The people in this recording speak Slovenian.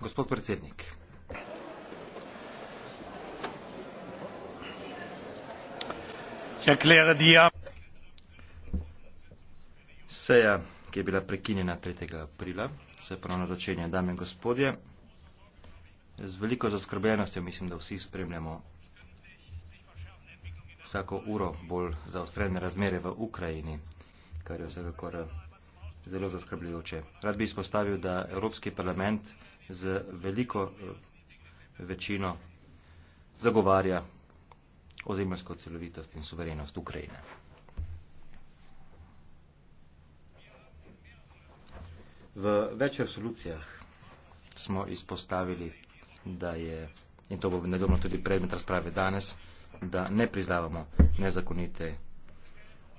Gospod predsednik. Seja, ki je bila prekinjena 3. aprila, se ponovno začenja. Dame in gospodje, z veliko zaskrbljenostjo mislim, da vsi spremljamo vsako uro bolj zaostrene razmere v Ukrajini, kar je vsekakor zelo zaskrbljujoče. Rad bi izpostavil, da Evropski parlament z veliko eh, večino zagovarja ozemljsko celovitost in suverenost Ukrajine. V več resolucijah smo izpostavili, da je, in to bo nedobno tudi predmet razprave danes, da ne priznavamo nezakonite